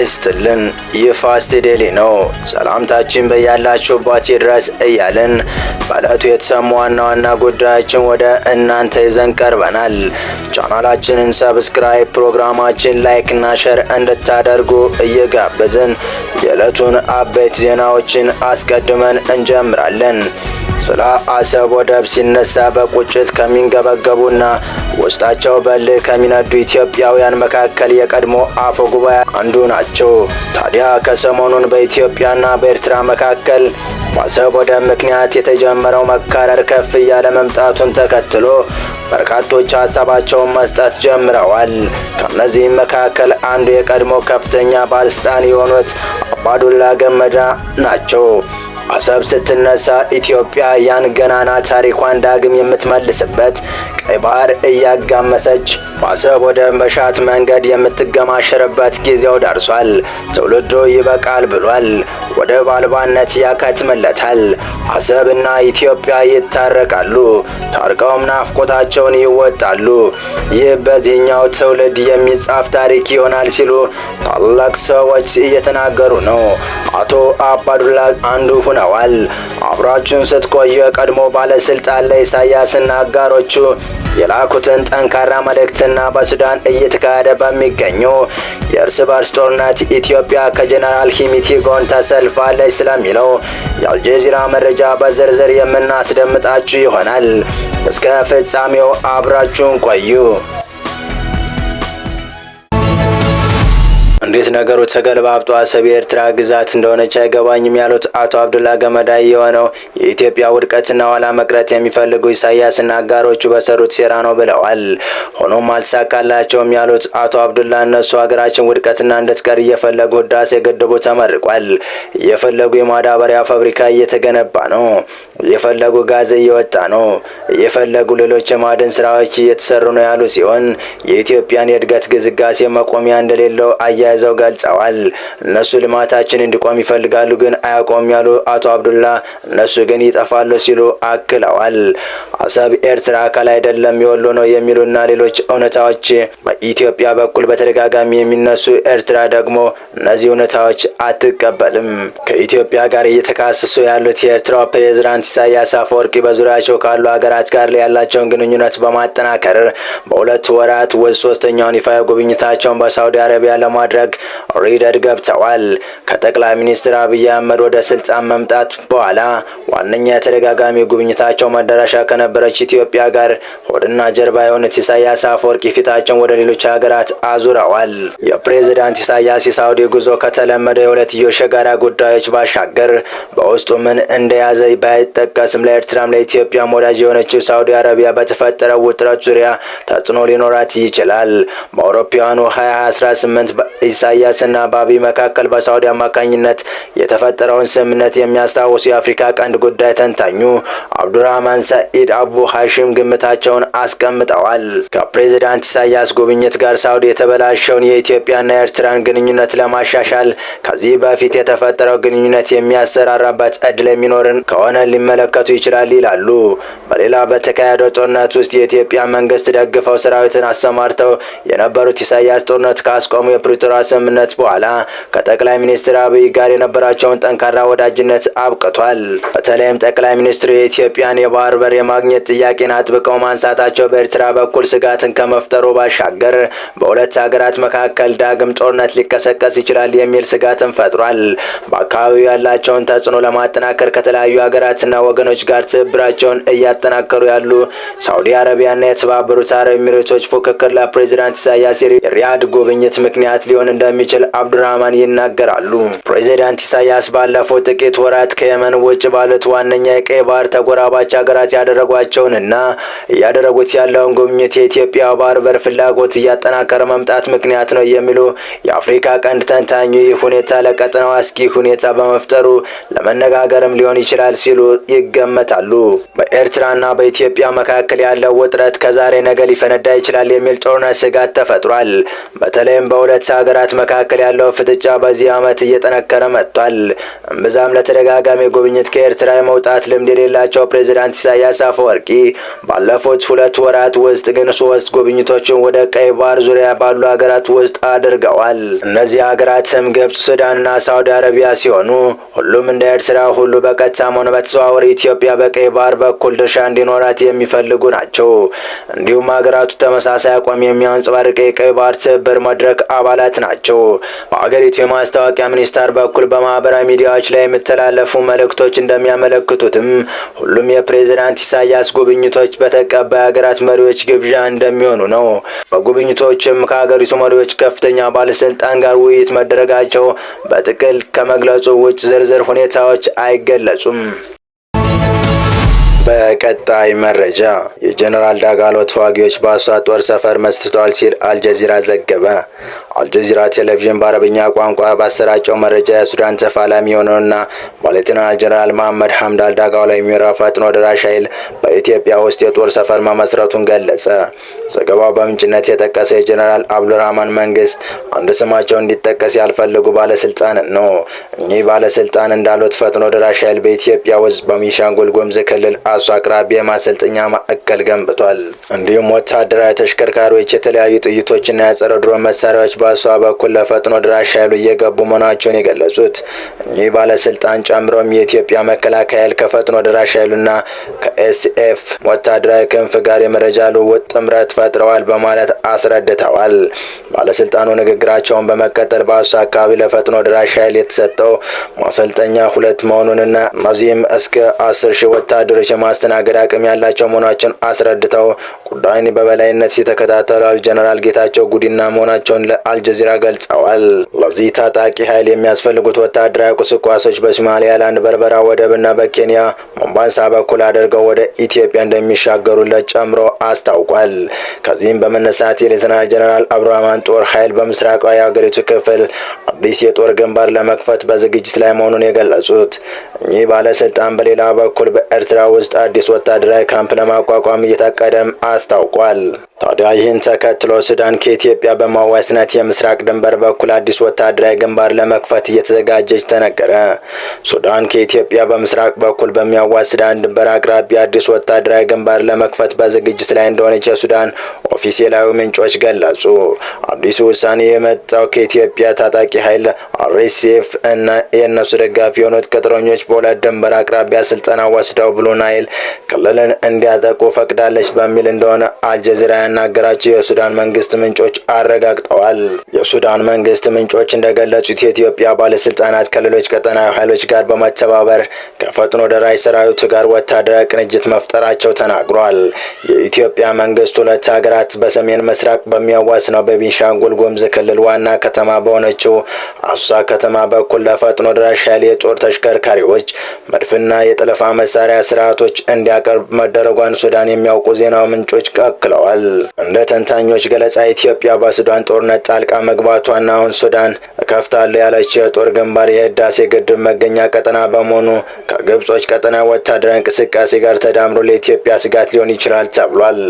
ይስጥልን። ይህ ፋስት ዴሊ ነው። ሰላምታችን በያላችሁባት ድረስ እያልን በዕለቱ የተሰሙ ዋና ዋና ጉዳዮችን ወደ እናንተ ይዘን ቀርበናል። ቻናላችንን ሰብስክራይብ፣ ፕሮግራማችን ላይክ እና ሸር እንድታደርጉ እየጋበዝን የዕለቱን አበይት ዜናዎችን አስቀድመን እንጀምራለን። ስለ አሰብ ወደብ ሲነሳ በቁጭት ከሚንገበገቡና ውስጣቸው በልህ ከሚነዱ ኢትዮጵያውያን መካከል የቀድሞ አፈ ጉባኤ አንዱ ናቸው። ታዲያ ከሰሞኑን በኢትዮጵያና በኤርትራ መካከል በአሰብ ወደብ ምክንያት የተጀመረው መካረር ከፍ እያለ መምጣቱን ተከትሎ በርካቶች ሀሳባቸውን መስጠት ጀምረዋል። ከእነዚህም መካከል አንዱ የቀድሞ ከፍተኛ ባለስልጣን የሆኑት አባዱላ ገመዳ ናቸው። አሰብ ስትነሳ ኢትዮጵያ ያን ገናና ታሪኳን ዳግም የምትመልስበት ቀይ ባህር እያጋመሰች በአሰብ ወደ መሻት መንገድ የምትገማሸርበት ጊዜው ደርሷል። ትውልዱ ይበቃል ብሏል። ወደ ባልባነት ያከትምለታል። አሰብና ኢትዮጵያ ይታረቃሉ። ታርቀውም ናፍቆታቸውን ይወጣሉ። ይህ በዚህኛው ትውልድ የሚጻፍ ታሪክ ይሆናል ሲሉ ታላቅ ሰዎች እየተናገሩ ነው። አቶ አባዱላ አንዱ ሆነዋል። አብራችሁን ስትቆዩ የቀድሞ ባለስልጣን ለኢሳያስና አጋሮቹ የላኩትን ጠንካራ መልእክትና በሱዳን እየተካሄደ በሚገኙ የእርስ በርስ ጦርነት ኢትዮጵያ ከጀነራል ሂሚቲ ጎን ተሰልፋለች ስለሚለው የአልጀዚራ መረጃ በዝርዝር የምናስደምጣችሁ ይሆናል። እስከ ፍጻሜው አብራችሁን ቆዩ። እንዴት ነገሮች ተገለባብጦ አሰብ የኤርትራ ግዛት እንደሆነች አይገባኝም ያሉት አቶ አብዱላ ገመዳ የሆነው የኢትዮጵያ ውድቀትና ኋላ መቅረት የሚፈልጉ ኢሳያስና አጋሮቹ በሰሩት ሴራ ነው ብለዋል። ሆኖም አልተሳካላቸውም ያሉት አቶ አብዱላ እነሱ ሀገራችን ውድቀትና እንድትቀር እየፈለጉ ህዳሴ ግድቡ ተመርቋል፣ እየፈለጉ የማዳበሪያ ፋብሪካ እየተገነባ ነው እየፈለጉ ጋዝ እየወጣ ነው፣ እየፈለጉ ሌሎች የማዕድን ስራዎች እየተሰሩ ነው ያሉ ሲሆን የኢትዮጵያን የእድገት ግዝጋሴ መቆሚያ እንደሌለው አያይዘው ገልጸዋል። እነሱ ልማታችን እንዲቆም ይፈልጋሉ፣ ግን አያቆም ያሉ አቶ አብዱላ እነሱ ግን ይጠፋሉ ሲሉ አክለዋል። አሰብ ኤርትራ አካል አይደለም የወሎ ነው የሚሉና ሌሎች እውነታዎች በኢትዮጵያ በኩል በተደጋጋሚ የሚነሱ ኤርትራ ደግሞ እነዚህ እውነታዎች አትቀበልም። ከኢትዮጵያ ጋር እየተካሰሱ ያሉት የኤርትራው ፕሬዝዳንት ኢሳያስ አፈወርቂ በዙሪያቸው ካሉ ሀገራት ጋር ያላቸውን ግንኙነት በማጠናከር በሁለት ወራት ውስጥ ሶስተኛውን ይፋ ጉብኝታቸውን በሳውዲ አረቢያ ለማድረግ ሪደድ ገብተዋል። ከጠቅላይ ሚኒስትር አብይ አህመድ ወደ ስልጣን መምጣት በኋላ ዋነኛ የተደጋጋሚ ጉብኝታቸው መዳረሻ ከነበ ከነበረች ኢትዮጵያ ጋር ሆድና ጀርባ የሆኑት ኢሳያስ አፈወርቂ ፊታቸውን ወደ ሌሎች ሀገራት አዙረዋል። የፕሬዝዳንት ኢሳያስ የሳውዲ ጉዞ ከተለመደ የሁለትዮሽ የጋራ ጉዳዮች ባሻገር በውስጡ ምን እንደያዘ ባይጠቀስም ለኤርትራም ለኢትዮጵያም ወዳጅ የሆነችው ሳውዲ አረቢያ በተፈጠረው ውጥረት ዙሪያ ተጽዕኖ ሊኖራት ይችላል። በአውሮፓውያኑ 2018 ኢሳያስና ባቢ መካከል በሳውዲ አማካኝነት የተፈጠረውን ስምምነት የሚያስታውሱ የአፍሪካ ቀንድ ጉዳይ ተንታኙ አብዱራህማን ሰኢድ አቡ ሐሺም ግምታቸውን አስቀምጠዋል። ከፕሬዚዳንት ኢሳያስ ጉብኝት ጋር ሳውዲ የተበላሸውን የኢትዮጵያና የኤርትራን ግንኙነት ለማሻሻል ከዚህ በፊት የተፈጠረው ግንኙነት የሚያሰራራበት እድል የሚኖርን ከሆነ ሊመለከቱ ይችላል ይላሉ። በሌላ በተካሄደው ጦርነት ውስጥ የኢትዮጵያ መንግስት ደግፈው ሰራዊትን አሰማርተው የነበሩት ኢሳያስ ጦርነት ካስቆሙ የፕሪቶሪያ ስምምነት በኋላ ከጠቅላይ ሚኒስትር አብይ ጋር የነበራቸውን ጠንካራ ወዳጅነት አብቅቷል። በተለይም ጠቅላይ ሚኒስትሩ የኢትዮጵያን የባህር በር የማግኘት ጥያቄን አጥብቀው ማንሳታቸው በኤርትራ በኩል ስጋትን ከመፍጠሩ ባሻገር በሁለት ሀገራት መካከል ዳግም ጦርነት ሊቀሰቀስ ይችላል የሚል ስጋትን ፈጥሯል። በአካባቢው ያላቸውን ተጽዕኖ ለማጠናከር ከተለያዩ ሀገራትና ወገኖች ጋር ትብብራቸውን እያ እያጠናከሩ ያሉ ሳውዲ አረቢያና የተባበሩት አረብ ኤሚሬቶች ፉክክር ለፕሬዚዳንት ኢሳያስ የሪያድ ጉብኝት ምክንያት ሊሆን እንደሚችል አብዱራህማን ይናገራሉ። ፕሬዚዳንት ኢሳያስ ባለፈው ጥቂት ወራት ከየመን ውጭ ባሉት ዋነኛ የቀይ ባህር ተጎራባች ሀገራት ያደረጓቸውንና እያደረጉት ያለውን ጉብኝት የኢትዮጵያ ባህር በር ፍላጎት እያጠናከረ መምጣት ምክንያት ነው የሚሉ የአፍሪካ ቀንድ ተንታኙ ይህ ሁኔታ ለቀጠናው አስጊ ሁኔታ በመፍጠሩ ለመነጋገርም ሊሆን ይችላል ሲሉ ይገመታሉ። በኤርትራ በኤርትራና በኢትዮጵያ መካከል ያለው ውጥረት ከዛሬ ነገ ሊፈነዳ ይችላል የሚል ጦርነት ስጋት ተፈጥሯል። በተለይም በሁለት ሀገራት መካከል ያለው ፍጥጫ በዚህ ዓመት እየጠነከረ መጥቷል። እምብዛም ለተደጋጋሚ ጉብኝት ከኤርትራ የመውጣት ልምድ የሌላቸው ፕሬዚዳንት ኢሳያስ አፈወርቂ ባለፉት ሁለት ወራት ውስጥ ግን ሶስት ጉብኝቶችን ወደ ቀይ ባህር ዙሪያ ባሉ ሀገራት ውስጥ አድርገዋል። እነዚህ ሀገራትም ግብጽ፣ ሱዳንና ሳውዲ አረቢያ ሲሆኑ ሁሉም እንደ ኤርትራ ሁሉ በቀጥታም ሆነ በተዘዋዋሪ ኢትዮጵያ በቀይ ባህር በኩል መዳረሻ እንዲኖራት የሚፈልጉ ናቸው። እንዲሁም ሀገራቱ ተመሳሳይ አቋም የሚያንጸባርቅ የቀይ ባህር ትብብር መድረክ አባላት ናቸው። በሀገሪቱ የማስታወቂያ ሚኒስቴር በኩል በማህበራዊ ሚዲያዎች ላይ የሚተላለፉ መልእክቶች እንደሚያመለክቱትም ሁሉም የፕሬዝዳንት ኢሳያስ ጉብኝቶች በተቀባይ ሀገራት መሪዎች ግብዣ እንደሚሆኑ ነው። በጉብኝቶችም ከሀገሪቱ መሪዎች ከፍተኛ ባለስልጣን ጋር ውይይት መደረጋቸው በጥቅል ከመግለጹ ውጭ ዝርዝር ሁኔታዎች አይገለጹም። በቀጣይ መረጃ የጀነራል ዳጋሎ ተዋጊዎች በአሷ ጦር ሰፈር መስርተዋል ሲል አልጀዚራ ዘገበ። አልጀዚራ ቴሌቪዥን በአረብኛ ቋንቋ ባሰራጨው መረጃ የሱዳን ተፋላሚ የሆነውና በሌተናል ጀነራል መሐመድ ሐምዳል ዳጋሎ የሚመራው ፈጥኖ ደራሽ ኃይል በኢትዮጵያ ውስጥ የጦር ሰፈር መመስረቱን ገለጸ። ዘገባው በምንጭነት የጠቀሰው የጀኔራል አብዱራህማን መንግስት አንድ ስማቸው እንዲጠቀስ ያልፈልጉ ባለስልጣን ነው። እኚህ ባለስልጣን እንዳሉት ፈጥኖ ደራሽ ኃይል በኢትዮጵያ ውስጥ በቤኒሻንጉል ጉሙዝ ክልል አሶ አቅራቢያ የማሰልጠኛ ማዕከል ገንብቷል። እንዲሁም ወታደራዊ ተሽከርካሪዎች፣ የተለያዩ ጥይቶችና የጸረ ድሮን መሳሪያዎች በአሷ በኩል ለፈጥኖ ደራሽ ኃይሉ እየገቡ መሆናቸውን የገለጹት እኚህ ባለስልጣን ጨምሮም የኢትዮጵያ መከላከያ ኃይል ከፈጥኖ ደራሽ ኃይሉና ከኤስኤፍ ወታደራዊ ክንፍ ጋር የመረጃ ልውውጥ ጥምረት ፈጥረዋል በማለት አስረድተዋል። ባለስልጣኑ ንግግራቸውን በመቀጠል በአሶሳ አካባቢ ለፈጥኖ ድራሽ ኃይል የተሰጠው ማሰልጠኛ ሁለት መሆኑንና እዚህም እስከ አስር ሺህ ወታደሮች የማስተናገድ አቅም ያላቸው መሆናቸውን አስረድተው ጉዳይን በበላይነት ሲተከታተሉ ጀነራል ጌታቸው ጉዲና መሆናቸውን ለአልጀዚራ ገልጸዋል። ለዚህ ታጣቂ ኃይል የሚያስፈልጉት ወታደራዊ ቁስቋሶች በሶማሊያላንድ በርበራ ወደብና በኬንያ ሞምባሳ በኩል አድርገው ወደ ኢትዮጵያ እንደሚሻገሩለት ጨምሮ አስታውቋል። ከዚህም በመነሳት የሌተና ጀነራል አብዱራህማን ጦር ኃይል በምስራቃዊ የሀገሪቱ ክፍል አዲስ የጦር ግንባር ለመክፈት በዝግጅት ላይ መሆኑን የገለጹት እኚህ ባለስልጣን በሌላ በኩል በኤርትራ ውስጥ አዲስ ወታደራዊ ካምፕ ለማቋቋም እየታቀደም አስ hasta o cual ታዲያ ይህን ተከትሎ ሱዳን ከኢትዮጵያ በመዋስነት የምስራቅ ድንበር በኩል አዲስ ወታደራዊ ግንባር ለመክፈት እየተዘጋጀች ተነገረ። ሱዳን ከኢትዮጵያ በምስራቅ በኩል በሚያዋስ ሱዳን ድንበር አቅራቢያ አዲስ ወታደራዊ ግንባር ለመክፈት በዝግጅት ላይ እንደሆነች የሱዳን ኦፊሴላዊ ምንጮች ገለጹ። አዲሱ ውሳኔ የመጣው ከኢትዮጵያ ታጣቂ ኃይል አርኤስኤፍ እና የእነሱ ደጋፊ የሆኑት ቅጥረኞች በሁለት ድንበር አቅራቢያ ስልጠና ወስደው ብሉ ናይል ክልልን እንዲያጠቁ ፈቅዳለች በሚል እንደሆነ አልጀዚራ እንደሚያናገራቸው የሱዳን መንግስት ምንጮች አረጋግጠዋል። የሱዳን መንግስት ምንጮች እንደገለጹት የኢትዮጵያ ባለስልጣናት ከሌሎች ቀጠናዊ ኃይሎች ጋር በመተባበር ከፈጥኖ ደራሽ ሰራዊቱ ጋር ወታደራዊ ቅንጅት መፍጠራቸው ተናግሯል። የኢትዮጵያ መንግስት ሁለት ሀገራት በሰሜን ምስራቅ ነው በቤንሻንጉል ጉሙዝ ክልል ዋና ከተማ በሆነችው አሶሳ ከተማ በኩል ለፈጥኖ ደራሽ ኃይል የጦር ተሽከርካሪዎች መድፍና የጠለፋ መሳሪያ ስርዓቶች እንዲያቀርብ መደረጓን ሱዳን የሚያውቁ ዜና ምንጮች ቀክለዋል። እንደ ተንታኞች ገለጻ ኢትዮጵያ በሱዳን ጦርነት ጣልቃ መግባቷና አሁን ሱዳን እከፍታለሁ ያለችው የጦር ግንባር የህዳሴ ግድብ መገኛ ቀጠና በመሆኑ ከግብጾች ቀጠና ወታደራዊ እንቅስቃሴ ጋር ተዳምሮ ለኢትዮጵያ ስጋት ሊሆን ይችላል ተብሏል።